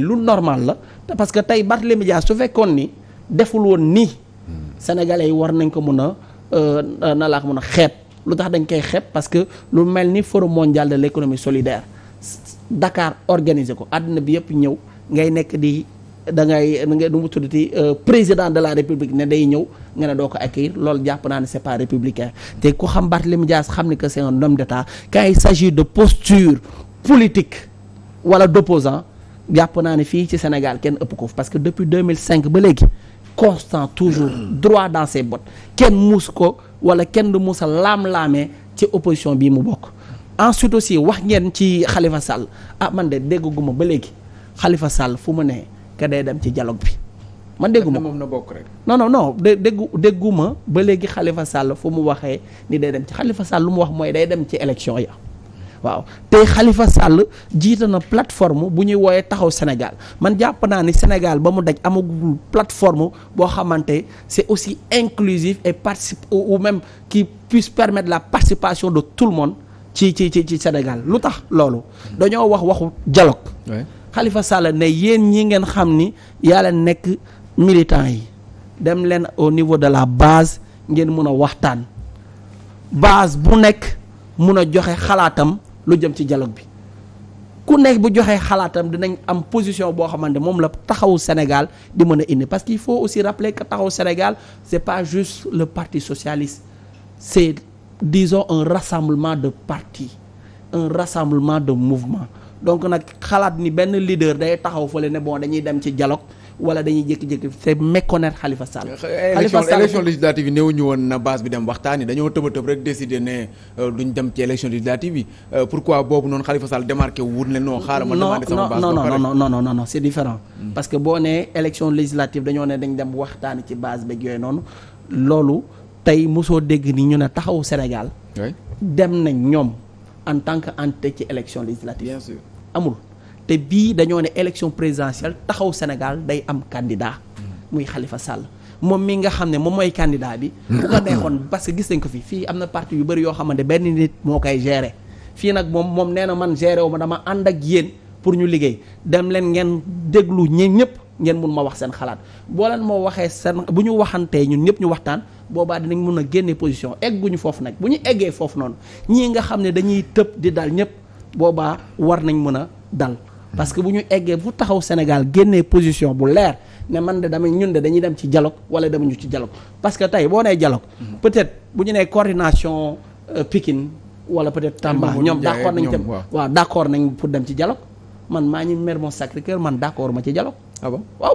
lu normal la parce que tey Barthélémy Dias su fekkoon ni deful woon nii sénégalais yi war nañ ko mën a euh, na laa mën a xeeb lu tax dañ koy xeeb parce que lu mel ni forum mondial de l'économie solidaire dakaar organisé ko àddina bi yëpp ñëw ngay nekk di da ngay da ngay du mu tuddati euh, président de la république ne day ñëw nga ne doo ko accueillir loolu jàpp naa ne c'est pas républicain te ku xam Barthélémy Dias xam ni que c'est un homme d'état quand il s'agit de posture politique wala d'opposant jàpp naa ne fii ci Sénégal kenn ëpp ko parce que depuis 2005 ba léegi constant toujours droit dans ses kenn muus ko wala kenn du muus laam-laamee ci opposition bii mu bokk ensuite si wax ngeen ci xalifa Sall ah man de dégguma ba léegi Khalifa Sall fu mu ne ka dem ci dialogue bi man dégguma moom na bokk rek non non non ba léegi Khalifa Sall fu mu waxee ni day dem ci xalifa Sall lu mu wax mooy day dem ci élection ya waaw tey Khalifa Sall jiite na plateforme bu ñuy wooyee taxaw Sénégal man jàpp naa ni Sénégal ba mu daj amagul plateforme boo xamante c'est aussi inclusif et participe ou même qui puisse permettre la participation de tout le monde ci ci Sénégal lu tax loolu dañoo wax waxu dialogue xalifa Sall ne yéen ñi ngeen xam ni yàlla nekk militants yi dem leen au niveau de la base ngeen mun a waxtaan base bu nekk mun a joxe xalaatam lu jëm ci dialogue bi ku nekk bu joxee xalaatam dinañ am position boo xamante moom la taxawu Sénégal di mën a indi parce qu'il faut aussi rappeler que taxawu Sénégal c'est pas juste le parti socialiste c'est disons un rassemblement de parti un rassemblement de mouvement donc nag xalaat ni benn leader day taxaw fële ne bon dañuy dem ci dialogue wala dañuy jékki-jékki c'est méconnaître Khalifa Sall. Khalifa Sall élection législative yi néew ñu woon na base bi dem waxtaani dañoo tëb a tëb rek ne euh, duñ dem ci élection législative yi euh, pourquoi boobu noonu Khalifa Sall démarqué wut ne non xaaral ma demandé sama base non non non non non non c'est différent hmm. parce que boo nee élection législative dañoo ne dañ dem waxtaani ci base beeg yooyu noonu loolu tey mosoo dégg ni ñu ne taxawu Sénégal. dem nañ ñoom en tant que entité ci élection législative. bien amul. te bii dañoo ne élection présidentielle taxaw Sénégal day am candidat muy xalifa Sall moom mii nga xam ne moom mooy candidat bi bu mm. ko neexoon parce que gis nañ ko fii fii am na parti yu bëri yoo xamante benn nit moo koy gérer fii nag moom moom nee na man gere wu ma dama ànd ak yéen pour ñu liggéey dem leen ngeen déglu ñeen ñëpp ngeen mun ma wax seen xalaat boo leen moo waxee seen bu ñu waxantee ñun ñëpp ñu waxtaan boobaa dinañ mun a génne position egguñu foofu nag bu ñu eggee foofu noonu ñii nga xam ne dañuy tëb di dal ñëpp boobaa war nañ mën a dal parce que bu ñu eggee bu taxaw Sénégal génnee position bu leer ne man de damay ñun de dañuy dem ci dialogue wala demuñu ci dialogue parce que tey boo nee dialogue mhm. peut-être bu ñu nee coordination euh, Pikine wala peut-être Tamba ñoom d'accord nañ tam waaw d'accord nañ pour dem ci dialogue man maa ngi Mermoz Sacré-Cœur man d'accord ma ci dialogue ah waaw